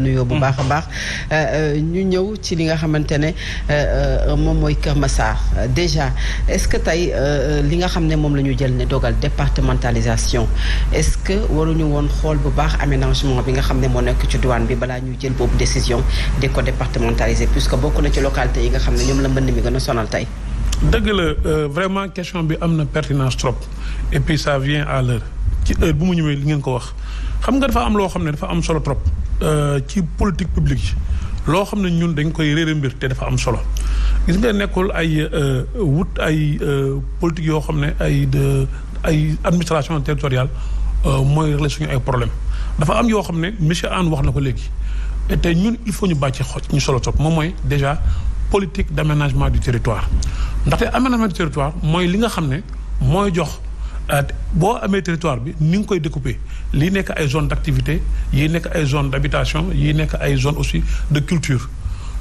nuyoo bu baax a baax mm. euh, euh, ñu ñëw ci li nga xamante ne euh, moom mooy Kër Massar déjà est-ce que tey li nga xam ne moom la ñu jël ne dogal départementalisation est-ce que waruñu woon xool bu baax aménagement bi nga xam ne moo nekk ci douane bi balaa ñuy jël boobu décision di ko départementaliser puisque bokk na ci localité yi nga xam ne ñoom la mbënn mi gën a sonal tey dëgg la vraiment question bi am na pertinence trop et puis ça vient à l'heure ci bi mu ñëwee li ngeen ko wax xam nga dafa am loo xam ne dafa am solo trop euh, ci politique publique yi loo xam ne ñun dañ koy réere mbir te dafa am solo gis nga nekkul ay euh, wut ay euh, politique yoo xam ne ay de ay administration territoriale mooy régler suñu ay problème dafa am yoo xam ne monsieur Anne wax na ko léegi te ñun il faut ñu bàcce xoj ñu solo trop moom mooy déjà politique d'aménagement du territoire ndaxte aménagement du territoire mooy li nga xam ne mooy jox Euh, boo amee territoire bi ni nga koy découper li nekk ay zone d'activité yi nekk ay zone d'habitation yii nekk ay zone aussi de culture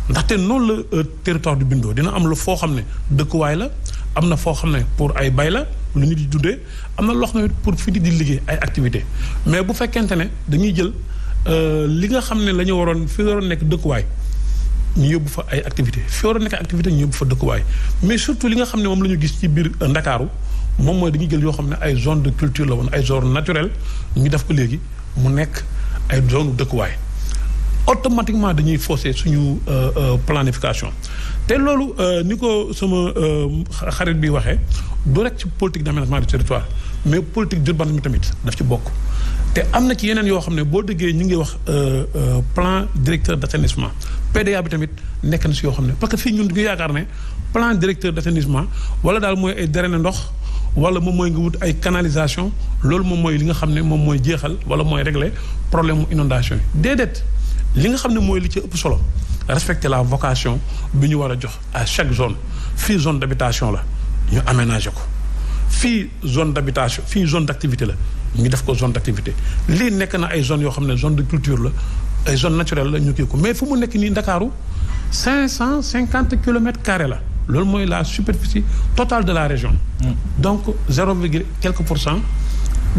ndaxte noonu la euh, territoire du bindoo dina am la foo xam ne dëkkuwaay la am na foo xam ne pour ay bay la lu nit di dundee am na loo xam ne pour fi di liggéey ay activité mais bu fekkente ne dañuy jël euh, li nga xam ne la waroon fi nekk dëkkuwaay ñu yóbbu fa ay activité fi waroon nekk ay activité ñu yóbbu fa dëkkuwaay mais surtout li nga xam ne moom la ñu gis ci biir Ndakaaru moom mooy dañuy jël yoo xam ne ay zone de culture la woon ay zone naturelle ñu def ko léegi mu nekk ay zone dëkkuwaay automatiquement dañuy fausser suñu euh, euh, planification te loolu euh, ni ko sama xarit bi waxee du rek ci politique d'aménagement du territoire mais politique d'urbanisme tamit daf ci bokk te am na ci yeneen yoo xam ne boo dëggee ñu ngi wax plan directeur d'assainissement PDA bi tamit nekk na si yoo xam ne parce fi ñun du ñu yaakaar ne plan directeur d'assainissement wala daal mooy ay drainer ndox wala moom mooy nga wut ay canalisation loolu moom mooy li nga xam ne moom mooy jeexal wala mooy régler problème mu inondation yi déedéet li nga xam ne mooy li ci ëpp solo respecter la vocation bi ñu war a jox à chaque zone fii zone d'habitation la ñu aménager ko fii zone d'habitation fii zone d'activité la ñu def ko zone d'activité lii nekk na ay zone yoo xam ne zone de culture la ay zone naturel la ñu kii ko mais fu mu nekk nii Ndakaaru cinq cent cinquante kilomètres carrés la loolu mooy la superficie totale de la région. Mm. donc zéro virgule pour cent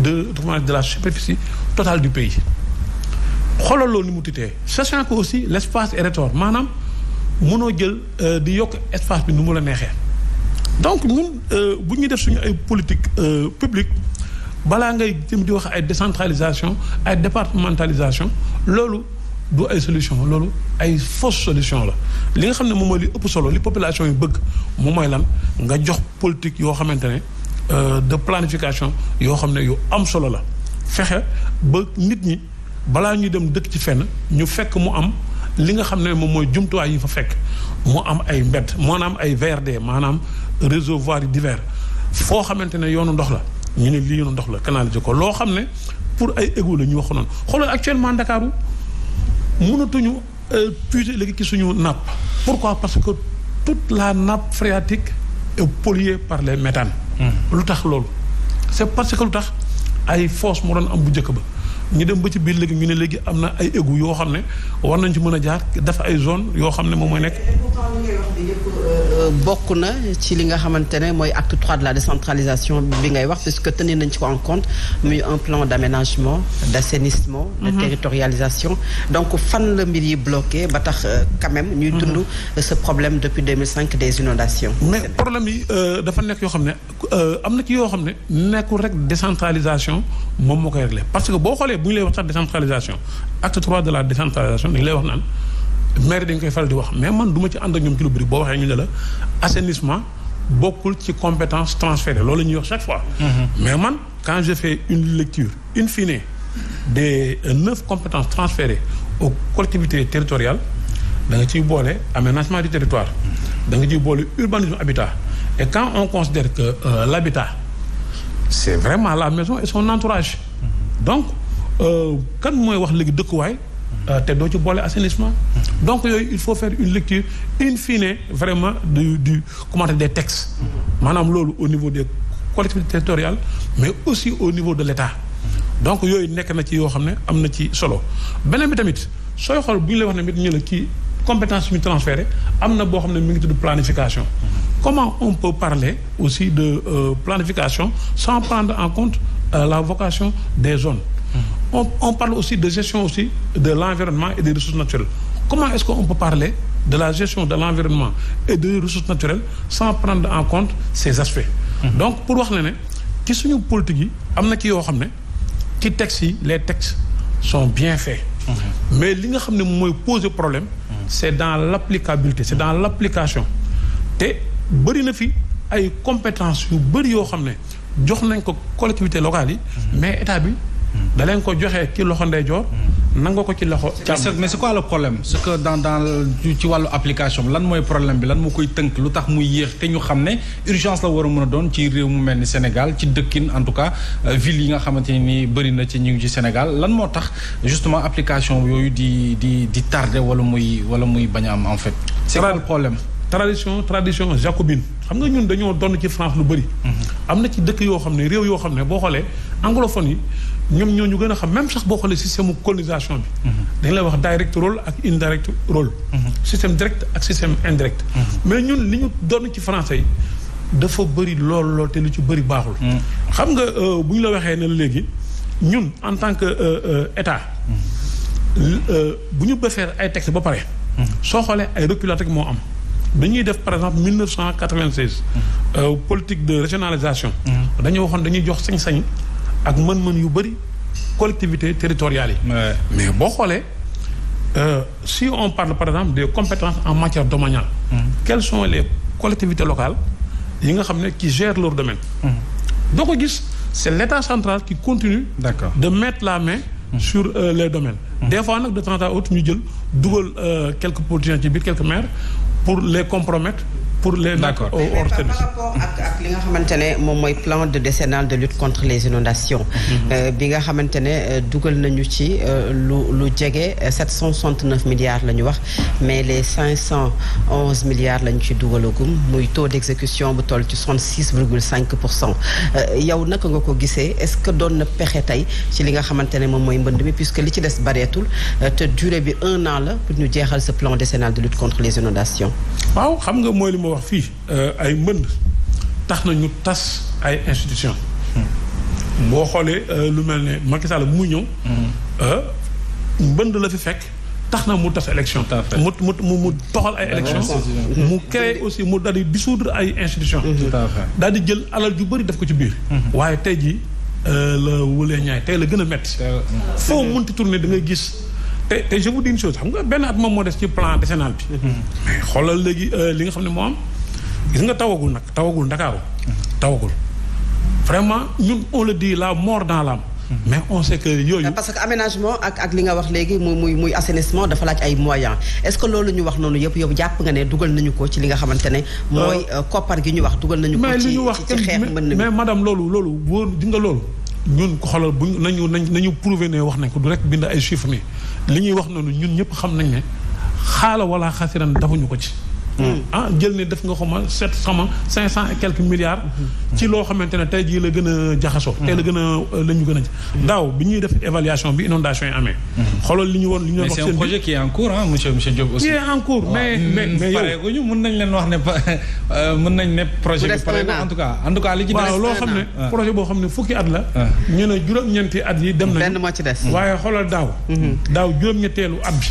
de de la superficie totale du pays. xoolal loolu ni mu tutee sachant que aussi l' espace est rétort maanaam mënoo jël euh, di yokk espace bi nu mu la neexee. donc ñun euh, bu ñuy def suñu ay politique euh, publique balaa ngay jëm di wax ay décentralisation ay départementalisation loolu. du ay solution loolu ay fausse solution la li nga xam ne moom mooy li ëpp solo li population yu bëgg moom mooy lan nga jox politique yoo xamante ne euh, de planification yoo xam ne yu am solo la fexe ba nit ñi balaa ñuy dem dëkk ci fenn ñu fekk mu am li nga xam ne moom mooy jumtuwaay yi fa fekk mu am ay mbedd maanaam ay VRD maanaam réservoir divers foo xamante ne yoonu ndox la ñu ne lii yoonu ndox la canal ji ko loo xam ne pour ay égout la ñu wax noonu xoolal actuellement Ndakaaru mënatuñu euh, puiser léegi ki suñu nappe pourquoi parce que toute la nappe phréatique est polluée par les méthanes mmh. lu tax loolu c'est parce que lu tax ay fosse moo doon am bu njëkk ba ñu dem ba ci biir léegi ñu ne léegi am na ay égout yoo xam ne war nañ ci mën a jaar dafa ay zone yoo xam ne moom mooy nekk bokk na ci li nga xamante ne mooy acte trois de la décentralisation bi ngay wax puisque tenir nañ ci ko en compte muy un plan d'aménagement d'assainissement de mhm. territorialisation donc fan la mbir yi bloqué ba tax euh, quand même ñuy mhm. dund euh, ce problème depuis des inondations mais problème yi euh, dafa nekk yoo xam ne am na ci yoo xam ne nekkul rek décentralisation moom moo koy réglé parce que boo xoolee bu ñu lay wax sax décentralisation acte trois de la mais dañ koy faral di wax mais man duma ci ànd ñoom ci lu bëri boo waxee ñu ne la assainissement bokkul ci compétence transférée loolu la ñuy wax chaque fois. Mm-hmm. mais man quand je fais une lecture in fine des neuf compétence transférées o collectivités territoriales da nga ciy boole aménagement du territoire da nga ciy boole urbanisme habitat et quand on considère que euh, l'habitat c'est vraiment la maison et son entourage mm-hmm. donc euh, kan mooy wax léegi dëkkuwaay Euh, te doo ci boole assainissement. donc yooyu il faut faire une lecture in fine vraiment du du comment des textes. maanaam loolu au niveau des collectivités territoriales mais aussi au niveau de l' état. donc yooyu nekk na ci yoo xam ne am na ci solo beneen bi tamit sooy xool bu ñu la wax ne ñu la ci compétence suñu transféré am na boo xam ne mi ngi tudd planification. comment on peut parler aussi de euh, planification sans prendre en compte euh, la vocation des zones. on on parle aussi de gestion aussi de l'environnement et des ressources naturelles comment est-ce qu'on peut parler de la gestion de l'environnement et de ressources naturelles sans prendre en compte ces aspects mhm. donc pour wax na ne ci suñu politique yi am na ci yoo xam ne ci textes yi les textes sont bien faits mhm. mais li nga xam ne mooy poser problème mhm. c'est dans l'applicabilité c'est dans l'application te bëri na fi ay compétences yu bëri yoo xam ne jox nañ ko collectivités locales yi daleen leen ko joxe ci loxo ndeyjoor. nangoo ko ci loxo càmm. mais c'est quoi le problème c'est que dans dans ci wàllu application lan mooy problème bi lan moo koy tënk lu tax muy yéex te ñu xam ne urgence la war a mën a doon ci réew mu mel ni Sénégal ci dëkkin en tout cas euh, ville yi nga xamante ni bëri na ci ñu ngi ci Sénégal lan moo tax justement application yooyu di di di tardé wala muy wala muy bañ am en fait. c'est quoi problème. tradition tradition jacobine xam nga ñun dañoo donn ci France lu bari mm-hmm. am na ci dëkk yoo xam ne réew yoo xam ne boo xoolee anglophone yi ñoom ñoo ñu gën a xam même sax boo xoolee système colonisation bi. Mm-hmm. dañ lay wax direct rôle ak indirect rôle. Mm-hmm. système direct ak système indirect. mais ñun li ñu donn ci français yi dafa bëri lool lool te lu ci bëri baaxul. xam nga euh, bu ñu la waxee ne léegi ñun en tant que euh, euh, état. bu ñu ba ay texte ba pare. soo xoolee ay recul moo am. dañuy def par exemple 1996. Euh, politique de régionalisation. Mm. dañu waxoon dañuy jox sañ-sañ ak mën-mën yu bëri collectivité territoriales yi. mais boo xoolee euh, si on parle par exemple des compétences en matière domaniale. Mm. quelles sont les collectivité locale yi nga xam ne qui gèrent leur domaine. Mm. doo ko gis c' est l' état central qui continue. d' accord de mettre la main. sur euh, les domaines. des fois nag de temps à autre ñu jël dugal quelques politiciens ci biir quelques maires. pour les compromettre pour les lacs ak li nga xamante ne moom mooy plan de décennal de lutte contre les inondations. Mhm. Euh, bi nga xamante ne euh, dugal nañu ci euh, lu lu jege 769 milliards la ñu wax mais les 511 milliards lañu ci dugalagum muy taux d'exécution bu toll ci 66 virgule 5 pour cent yow naka nga ko gisee est-ce que doon na pexe tey ci li nga xamante ne moom mooy mbënd mi puisque li ci des bareetul te durée bi un an la pour ñu jeexal ce plan décennal de lutte contre les inondations. waaw xam nga mooy li ma wax fii euh, ay mbënd tax na ñu tas ay institution boo xoolee euh, lu mel ne Macky bu mu ñëw hmm. euh, mbënd la fi fekk tax na mu tas élection mu mu mu toxal ay élection mu créé aussi mu daal di dissoudre ay institution hmm. daal di jël alal ju bëri def ko ci biir hmm. waaye tey jii la wulee ñaay tey la gën a metti foo munti tourné da gis te te je vous dis chose xam nga benn at moom moo des ci plan décennal bi. Mhm. xoolal léegi euh, li nga xam ne moom am gis nga tawagul nag tawagul Ndakaaru mhm. tawagul vraiment ñun on le dit la mort dans l'âme mhm. mais on sait que yooyu. Ah, parce que aménagement ak ak li nga wax léegi muy muy muy assainissement dafa laaj ay moyens est-ce que loolu ñu wax noonu yëpp yow jàpp nga ne dugal nañu ko ci li nga xamante ne. mooy euh, euh, koppar gi ñu wax dugal nañu ko. ci ci xeex mën na mais madame loolu loolu wóor di nga ñun xoolal buñ nañu nañ nañu prouvé wax nañ ko du rek bind ay chiffres ni li ñuy wax noonu ñun ñëpp xam nañ ne xaalo wala xasiran dafuñu ko ci Mm. ah jël ne def nga xama sept xama cinq cent et quelques milliards mm-hmm. ci loo xamante ne tey jii la gën a jaxasoo mm-hmm. tey la gën a euh, la gën a mm-hmm. daaw bi ñuy def en cours ah monsieur monsieur Diop aussi qui est en cours mais mais mm, mais pareeguñu nañ leen wax ne euh, mën nañ ne projet bi pare en en tout cas waaw loo xam ne projet boo xam ne fukki at la ñu ne juróom-ñeenti at yi dem nañ waaye xoolal daaw daaw juróom-ñetteelu at bi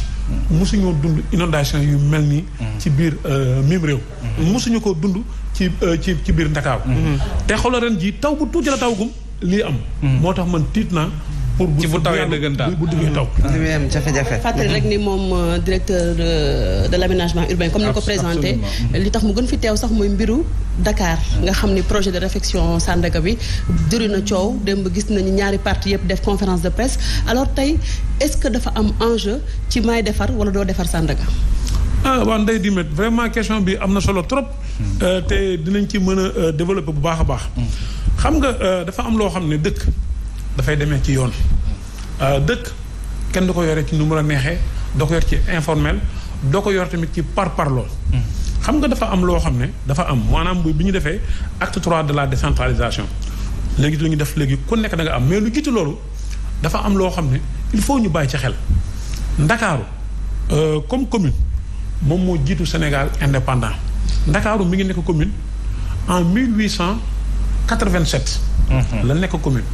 musuñoo dund inondation yu mel ni mm-hmm. ci biir euh, mim réew mm-hmm. musuñu ko dund ci euh, ci ci biir Ndakaaru mm-hmm. te xoolal ren ji taw bu tuuti la taw gum lii am moo tax man tiit naa pour bu bu tawee dëggantaan bu duggee taw. li muy am jafe rek ni moom euh, directeur euh, de l' aménagement urbain comme ni ko présenté. li tax mu gën fi teew sax mooy mbiru Dakar. nga xam ni projet de réflexion Sandaga bi juri na coow démb gis nañu ñaari partie yëpp def conférence de presse alors tey est-ce que dafa am enjeu ci may defar wala doo defar Sandaga. ah waaw Ndeye vraiment question bi am na solo trop. Hmm. Euh, te dinañ ci mën a développer bu baax a baax. Hmm. xam nga dafa am loo xam ne dëk dafay demee ci yoon euh, dëkk kenn du ko yore ci nu mu la neexee doo ko yor ci informel doo ko yor tamit ci par parloo xam nga dafa am loo xam ne dafa am maanaam bu bi ñu defee acte trois de la décentralisation léegi lu ñu def léegi ku nekk da nga am mais lu jiitu loolu dafa am loo xam ne il faut ñu bàyyi ci xel ndakaaru euh, comme commune moom moo jiitu Sénégal indépendant ndakaaru mi ngi nekk commune en 1887 mm-hmm. la nekk commune